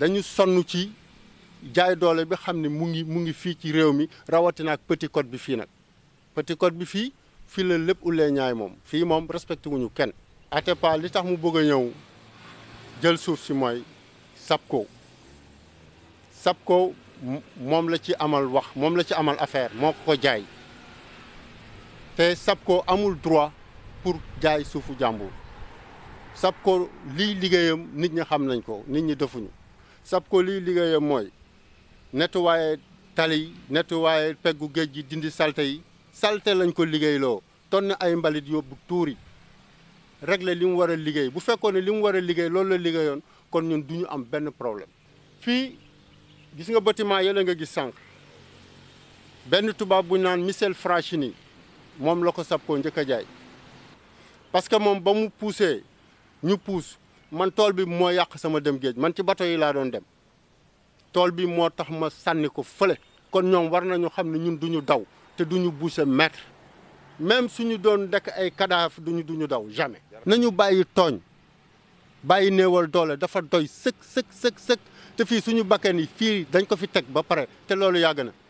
dañu sonn ci jaay doole bi xam ne mu ngi mu ngi fii ci réew mi rawatina ak Petite bi fii nag Petite bi fii fii la lépp ullee ñaay moom fii moom respecté wuñu kenn. Atépa li tax mu bëgg a ñëw jël suuf si mooy sab ko sab ko moom la ci amal wax moom la ci amal affaire moo ko jaay te ko amul droit pour jaay suufu sab ko liy liggéeyam nit ñi xam nañ ko nit ñi defuñu. sab ko liy liggéeyam mooy nettoyer tali yi nettoyer peggu géej gi dindi salte yi salte lañ ko liggéeyloo tonn ay mbalit yóbbu tuuri régler li mu war a liggéey bu fekkoon ne li mu war a liggéey loolu la liggéeyoon kon ñun du ñu am benn problème. fii gis nga bâtiment yële nga gis sànq benn tubaab bu naan Michel Franchini moom la ko SAPCO njëkk a jaay parce que moom ba mu poussé ñu pousse. man tool bi moo yàq sama dem géej man ci bato yi laa doon dem tool bi moo tax ma sànni ko fële kon ñoom war nañu xam ne ñun duñu daw te duñu boucher mètre même suñu doon dekk ay kadaaf duñu duñu daw jamais nañu bàyyi tooñ bàyyi néewal doole dafa doy sëkk sëkk sëkk sëkk te fii suñu bakkan yi fii dañ ko fi teg ba pare te loolu yàgg na